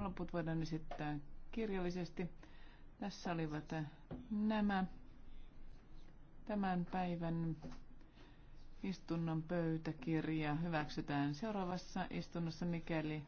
Loput voidaan esittää kirjallisesti. Tässä olivat nämä tämän päivän istunnon pöytäkirja hyväksytään seuraavassa istunnossa, mikäli